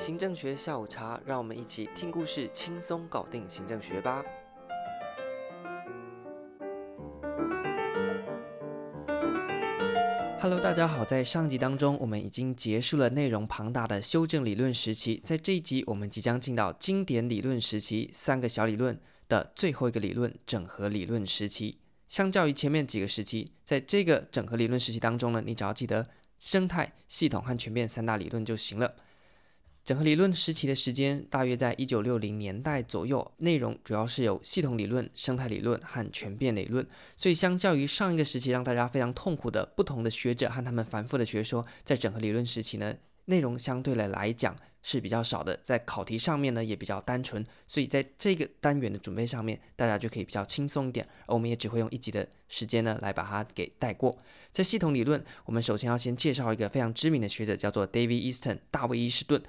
行政學下午茶，讓我們一起聽故事，輕鬆搞定行政學吧。哈嘍，大家好，在上集當中，我們已經結束了內容龐大的修正理論時期，在這一集，我們即將進到經典理論時期，三個小理論的最後一個理論，整合理論時期。相較於前面幾個時期，在這個整合理論時期當中呢，你只要記得生態、系統和權變三大理論就行了。整合理論時期的時間大約在一九六零年代左右，內容主要是由系統理論、生態理論和權變理論。所以，相較於上一個時期讓大家非常痛苦的不同的學者和他們繁複的學說，在整合理論時期呢，內容相對的來，來講是比較少的，在考題上面呢也比較單純，所以在這個單元的準備上面，大家就可以比較輕鬆一點。而我們也只會用一集的時間呢來把它給帶過。在系統理論，我們首先要先介紹一個非常知名的學者，叫做 David Easton 大衛·伊士頓。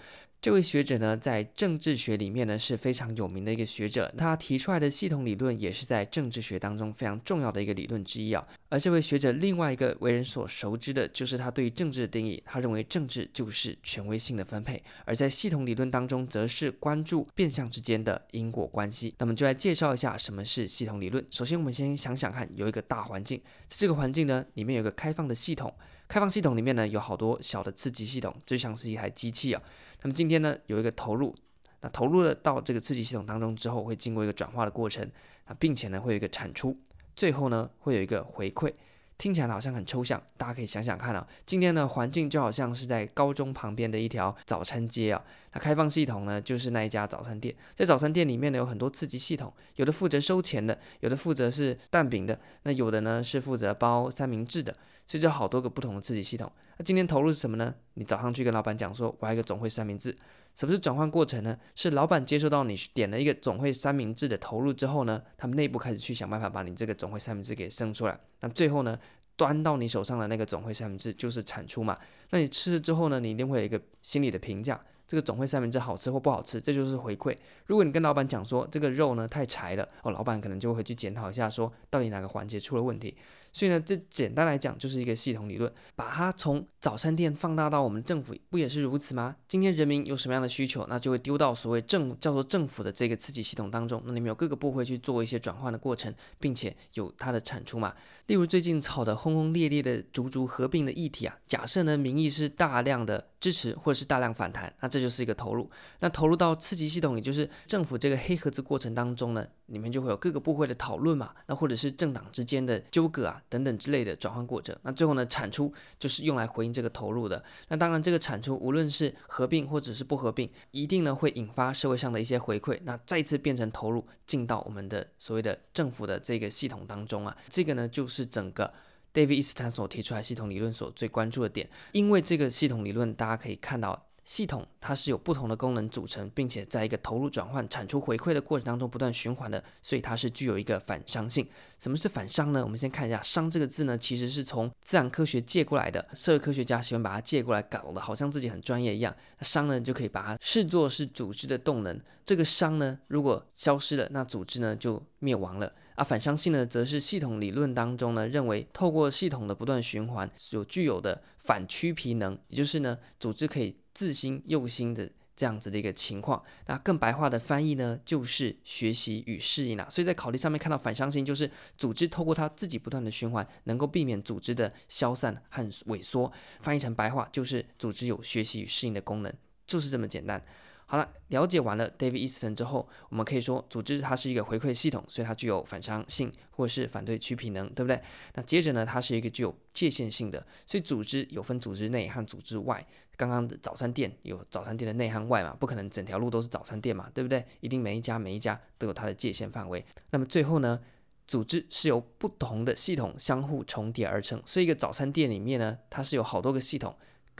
這位學者呢，在政治學裡面呢是非常有名的一個學者。他提出來的系統理論，也是在政治學當中非常重要的一個理論之一啊。而這位學者另外一個為人所熟知的，就是他對於政治的定義。他認為政治就是權威性的分配，而在系統理論當中，則是關注變項之間的因果關係。那麼，就來介紹一下什麼是系統理論。首先，我們先想想看，有一個大環境，在這個環境呢，裡面有一個開放的系統，開放系統裡面呢，有好多小的次級系統，就像是一台機器啊。那麼今天呢，有一個投入，那投入了到這個次級系統當中之後，會經過一個轉化的過程啊，並且呢，會有一個產出，最後呢，會有一個回饋。聽起來好像很抽象，大家可以想想看啊。今天呢，環境就好像是在高中旁邊的一條早餐街啊。那開放系統呢，就是那一家早餐店，在早餐店裡面呢，有很多次級系統，有的負責收錢的，有的負責是蛋餅的，那有的呢是負責包三明治的。所以就好多個不同的次級系統。那今天投入是什麼呢？你早上去跟老闆講說，我要一個總匯三明治。什麼是轉換過程呢？是老闆接收到你點了一個總匯三明治的投入之後呢，他們內部開始去想辦法把你這個總匯三明治給生出來。那最後呢，端到你手上的那個總匯三明治就是產出嘛。那你吃了之後呢，你一定會有一個心理的評價，這個總匯三明治好吃或不好吃，這就是回饋。如果你跟老闆講說這個肉呢太柴了，哦，老闆可能就會去檢討一下說，說到底哪個環節出了問題。所以呢，這簡單來講就是一個系統理論，把它從早餐店放大到我們政府，不也是如此嗎？今天人民有什麼樣的需求，那就會丟到所謂政府，叫做政府的這個刺激系統當中，那裡面有各個部會去做一些轉換的過程，並且有它的產出嘛。例如最近炒得轟轟烈烈的竹竹合併的議題啊，假設呢民意是大量的支持或者是大量反彈，那這就是一個投入。那投入到刺激系統，也就是政府這個黑盒子過程當中呢，裡面就會有各個部會的討論嘛，那或者是政黨之間的糾葛啊等等之類的轉換過程。那最後呢，產出就是用來回應這個投入的。那當然，這個產出無論是合併或者是不合併，一定呢會引發社會上的一些回饋，那再次變成投入進到我們的所謂的政府的這個系統當中啊。這個呢就是整個。David Easton 所提出來的系統理論所最關注的點，因為這個系統理論，大家可以看到，系統它是由不同的功能組成，並且在一個投入轉換、產出回饋的過程當中不斷循環的，所以它是具有一個反熵性。什麼是反熵呢？我們先看一下“熵”這個字呢，其實是從自然科學借過來的，社會科學家喜歡把它借過來，搞得好像自己很專業一樣。熵呢，就可以把它視作是組織的動能。這個熵呢，如果消失了，那組織呢就滅亡了。而、啊、反熵性呢，則是系統理論當中呢認為，透過系統的不斷循環，所具有的反驅皮能，也就是呢，組織可以自新又新的這樣子的一個情況。那更白話的翻譯呢，就是學習與適應啊。所以在考題上面看到反熵性，就是組織透過它自己不斷的循環，能夠避免組織的消散和萎縮。翻譯成白話，就是組織有學習與適應的功能，就是這麼簡單。好了，了解完了 David Easton 之後，我們可以說組織它是一個回饋系統，所以它具有反熵性，或者是反對區皮能，對不對？那接着呢，它是一個具有界限性的，所以組織有分組織內和組織外。剛剛的早餐店有早餐店的內和外嘛，不可能整條路都是早餐店嘛，對不對？一定每一家每一家都有它的界限範圍。那麼最後呢，組織是由不同的系統相互重疊而成，所以一個早餐店裡面呢，它是有好多個系統，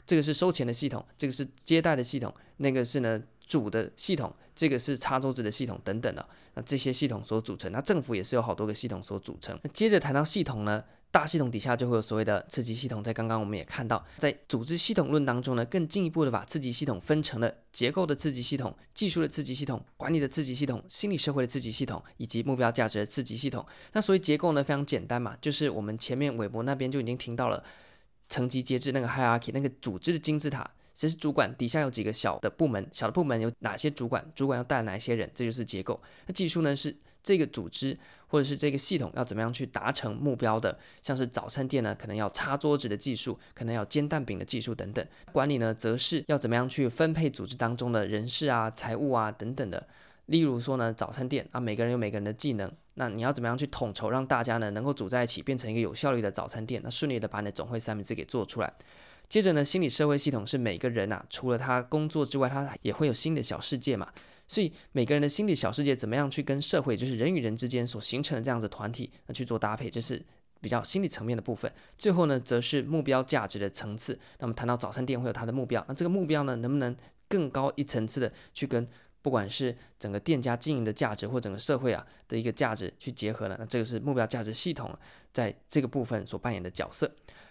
這個是收錢的系統，這個是接待的系統，那個是呢？主的系統，這個是擦桌子的系統等等的，那這些系統所組成，那政府也是有好多個系統所組成。那接着談到系統呢，大系統底下就會有所謂的次級系統。在剛剛我們也看到，在組織系統論當中呢，更進一步的把次級系統分成了結構的次級系統、技術的次級系統、管理的次級系統、心理社會的次級系統以及目標價值的次級系統。那所謂結構呢，非常簡單嘛，就是我們前面韋伯那邊就已經聽到了層級節制那個 hierarchy 那個組織的金字塔。誰是主管？底下有幾個小的部門，小的部門有哪些主管？主管要帶來哪些人？這就是結構。那技術呢？是這個組織或者是這個系統要怎麼樣去達成目標的？像是早餐店呢，可能要擦桌子的技術，可能要煎蛋餅的技術等等。管理呢，則是要怎麼樣去分配組織當中的人事啊、財務啊等等的。例如說呢，早餐店啊，每個人有每個人的技能，那你要怎麼樣去統籌，讓大家呢能夠組在一起，變成一個有效率的早餐店，那順利的把你的總匯三明治給做出來。接着呢，心理社會系統是每個人啊，除了他工作之外，他也會有新的小世界嘛。所以每個人的心理小世界怎麼樣去跟社會，就是人與人之間所形成的這樣子團體，那去做搭配，這是比較心理層面的部分。最後呢，則是目標價值的層次。那麼談到早餐店會有它的目標，那這個目標呢，能不能更高一層次的去跟，不管是整個店家經營的價值，或整個社會啊的一個價值去結合了，那這個是目標價值系統在這個部分所扮演的角色。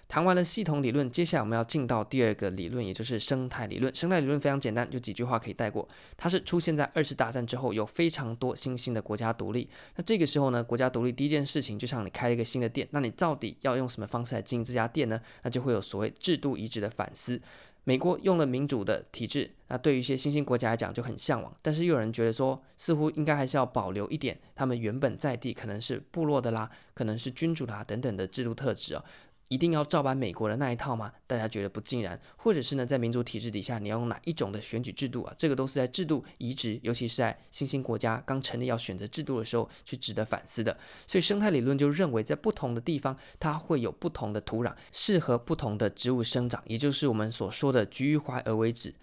談完了系統理論，接下來我們要進到第二個理論，也就是生態理論。生態理論非常簡單，就幾句話可以帶過。它是出現在二次大戰之後，有非常多新興的國家獨立。那這個時候呢，國家獨立第一件事情，就像你開了一個新的店，那你到底要用什麼方式來經營這家店呢？那就會有所謂制度移植的反思。美國用了民主的體制，那對於一些新興國家來講就很向往，但是又有人覺得說，似乎應該還是要保留一點他們原本在地，可能是部落的啦，可能是君主的啦等等的制度特質哦。一定要照搬美國的那一套嗎？大家覺得不盡然，或者是呢，在民主體制底下，你要用哪一種的選舉制度啊？這個都是在制度移植，尤其是在新興國家剛成立要選擇制度的時候，去值得反思的。所以生態理論就認為，在不同的地方，它會有不同的土壤，適合不同的植物生長，也就是我們所說的“橘逾淮而為枳”。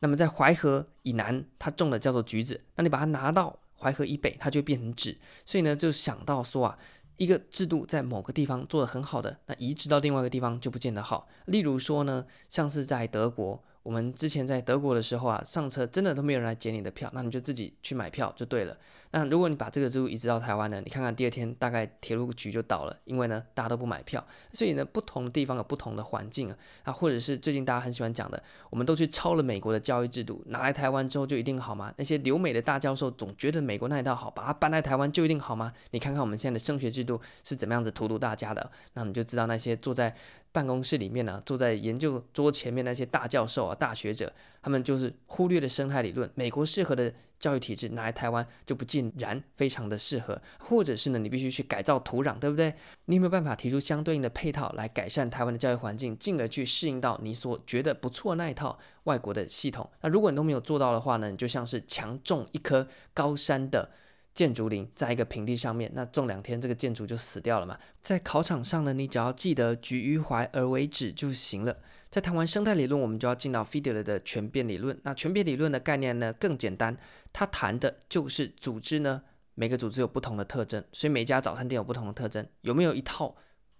那麼在淮河以南，它種的叫做橘子，那你把它拿到淮河以北，它就變成枳。所以呢，就想到說啊。一個制度在某個地方做得很好的，那移植到另外一個地方就不見得好。例如說呢，像是在德國，我們之前在德國的時候啊，上車真的都沒有人來檢你的票，那你就自己去買票就對了。那如果你把這個制度移植到台灣呢？你看看第二天大概鐵路局就倒了，因為呢，大家都不買票，所以呢，不同地方有不同的環境啊。啊，或者是最近大家很喜歡講的，我們都去抄了美國的教育制度，拿來台灣之後就一定好嗎？那些留美的大教授總覺得美國那一套好，把它搬來台灣就一定好嗎？你看看我們現在的升學制度是怎麼樣子荼毒大家的，那你就知道那些坐在辦公室裡面呢、啊，坐在研究桌前面那些大教授啊、大學者，他們就是忽略了生態理論，美國適合的。教育體制拿來台灣就不盡然非常的適合，或者是呢，你必須去改造土壤，對不對？你有沒有辦法提出相對應的配套來改善台灣的教育環境，進而去適應到你所覺得不錯那一套外國的系統？那如果你都沒有做到的話呢，你就像是強種一棵高山的。箭竹林，在一個平地上面，那種兩天這個箭竹就死掉了嘛。在考場上呢，你只要記得“橘逾淮而為枳”就行了。在談完生態理論，我們就要進到費德勒的權變理論。那權變理論的概念呢更簡單，它談的就是組織呢，每個組織有不同的特徵，所以每家早餐店有不同的特徵。有沒有一套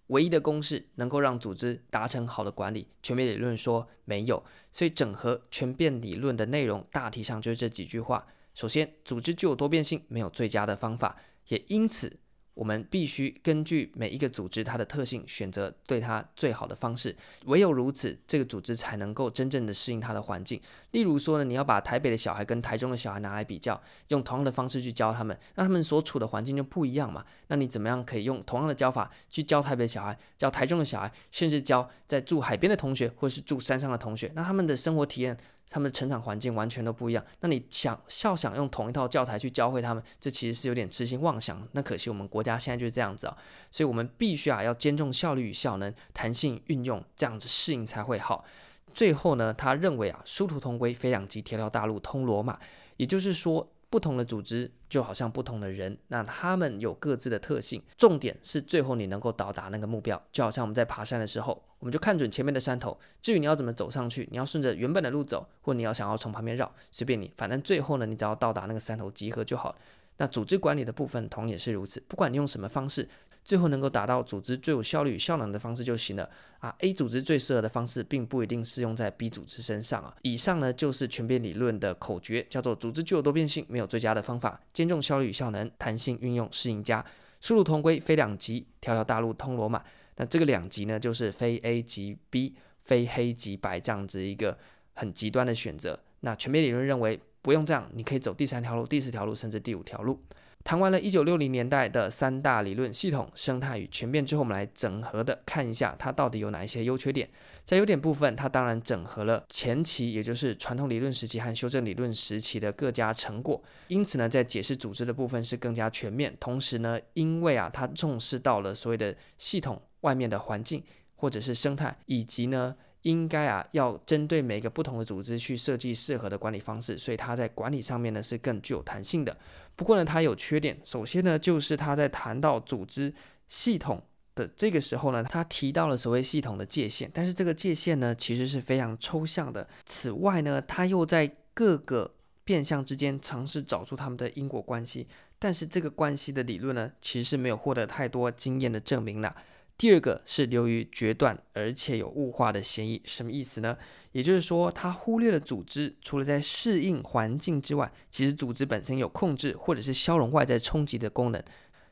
唯一的公式能夠讓組織達成好的管理？權變理論說沒有，所以整合權變理論的內容，大體上就是這幾句話。首先，組織具有多變性，沒有最佳的方法，也因此我們必須根據每一個組織它的特性，選擇對它最好的方式。唯有如此，這個組織才能夠真正的適應它的環境。例如說呢，你要把台北的小孩跟台中的小孩拿來比較，用同樣的方式去教他們，那他們所處的環境就不一樣嘛。那你怎麼樣可以用同樣的教法去教台北的小孩、教台中的小孩，甚至教在住海邊的同學或是住山上的同學，那他們的生活體驗？他們的成長環境完全都不一樣，那你想要想用同一套教材去教會他們，這其實是有點痴心妄想。那可惜我們國家現在就是這樣子啊、哦，所以我們必須啊要兼重效率與效能、彈性運用，這樣子適應才會好。最後呢，他認為啊，殊途同歸，非兩極，條條大路通羅馬，也就是說。不同的組織就好像不同的人，那他們有各自的特性。重點是最後你能夠到達那個目標，就好像我們在爬山的時候，我們就看準前面的山頭。至於你要怎麼走上去，你要順着原本的路走，或你要想要從旁邊繞，隨便你。反正最後呢，你只要到達那個山頭集合就好。那組織管理的部分同也是如此，不管你用什麼方式，最後能夠達到組織最有效率與效能的方式就行了啊。A 組織最適合的方式，並不一定適用在 B 組織身上啊。以上呢，就是權變理論的口訣，叫做“組織具有多變性，沒有最佳的方法，兼重效率與效能，彈性運用適應家”。殊途同歸，非兩極，條條大路通羅馬。那這個兩極呢，就是非 A 即 B，非黑即白這樣子一個很極端的選擇。那權變理論認為，不用這樣，你可以走第三條路、第四條路，甚至第五條路。談完了一九六零年代的三大理論系統生態與權變之後，我們來整合的看一下它到底有哪一些優缺點。在優點部分，它當然整合了前期也就是傳統理論時期和修正理論時期的各家成果，因此呢，在解釋組織的部分是更加全面。同時呢，因為啊，它重視到了所謂的系統外面的環境或者是生態，以及呢，應該啊要針對每個不同的組織去設計適合的管理方式，所以它在管理上面呢是更具有彈性的。不過呢，他有缺點。首先呢，就是他在談到組織系統的這個時候呢，他提到了所謂系統的界限，但是這個界限呢，其實是非常抽象的。此外呢，他又在各個變項之間嘗試找出他們的因果關係，但是這個關係的理論呢，其實是沒有獲得太多經驗的證明了。第二個是流於決斷，而且有物化的嫌疑，什麼意思呢？也就是說，他忽略了組織除了在適應環境之外，其實組織本身有控制或者是消融外在衝擊的功能，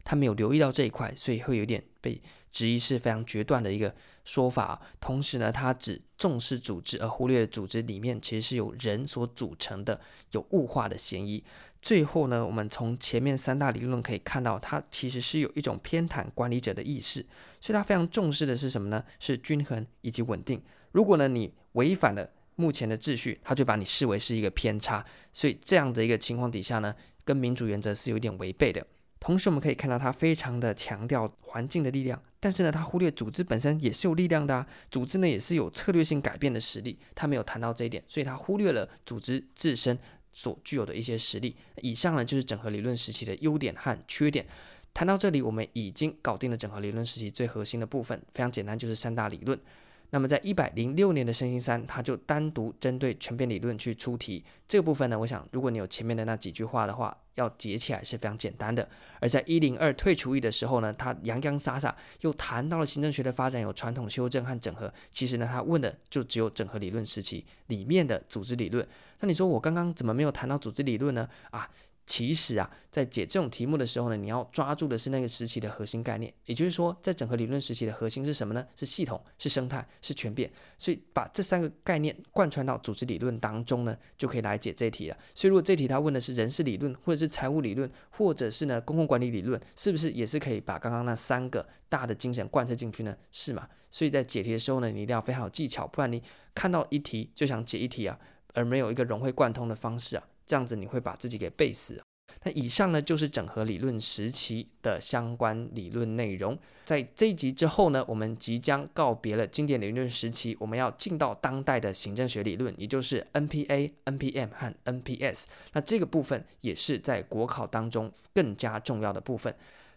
他沒有留意到這一塊，所以會有點被質疑是非常決斷的一個說法啊，同時呢，他只重視組織而忽略了組織裡面其實是由人所組成的，有物化的嫌疑。最後呢，我們從前面三大理論可以看到，它其實是有一種偏袒管理者的意識，所以它非常重視的是什麼呢？是均衡以及穩定。如果呢，你違反了目前的秩序，他就把你視為是一個偏差。所以這樣的一個情況底下呢，跟民主原則是有點違背的。同時我們可以看到，它非常的強調環境的力量，但是呢，它忽略組織本身也是有力量的啊。組織呢，也是有策略性改變的實力，它沒有談到這一點，所以它忽略了組織自身。所具有的一些實力。以上呢，就是整合理論時期的優點和缺點。談到這裡，我們已經搞定了整合理論時期最核心的部分，非常簡單，就是三大理論。那麼，在一百零六年的身心三，他就單獨針對權變理論去出題，這個、部分呢，我想如果你有前面的那幾句話的話，要解起來是非常簡單的。而在一零二退除役的時候呢，他洋洋灑灑又談到了行政學的發展有傳統修正和整合，其實呢，他問的就只有整合理論時期裡面的組織理論。那你說我剛剛怎麼沒有談到組織理論呢？啊？其實啊，在解這種題目的時候呢，你要抓住的是那個時期的核心概念。也就是說，在整合理論時期的核心是什麼呢？是系統，是生態，是權變。所以把這三個概念貫穿到組織理論當中呢，就可以來解這一題了。所以如果這題他問的是人事理論，或者是財務理論，或者是呢公共管理理論，是不是也是可以把剛剛那三個大的精神貫徹進去呢？是嘛？所以在解題的時候呢，你一定要非常有技巧，不然你看到一題就想解一題啊。而沒有一個融會貫通的方式啊，這樣子你會把自己給背死。那以上呢，就是整合理論時期的相關理論內容。在這一集之後呢，我們即將告別了經典理論時期，我們要進到當代的行政學理論，也就是 NPA、NPM 和 NPS。那這個部分也是在國考當中更加重要的部分。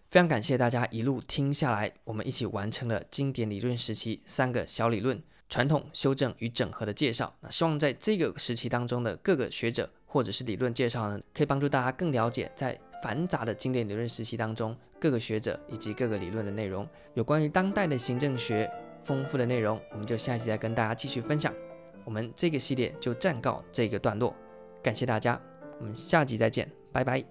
非常感謝大家一路聽下來，我們一起完成了經典理論時期三個小理論。傳統、修正與整合的介紹，那希望在這個時期當中的各個學者或者是理論介紹呢，可以幫助大家更了解在繁雜的經典理論時期當中各個學者以及各個理論的內容。有關於當代的行政學豐富的內容，我們就下期再跟大家繼續分享。我們這個系列就暫告這個段落，感謝大家，我們下集再見，拜拜。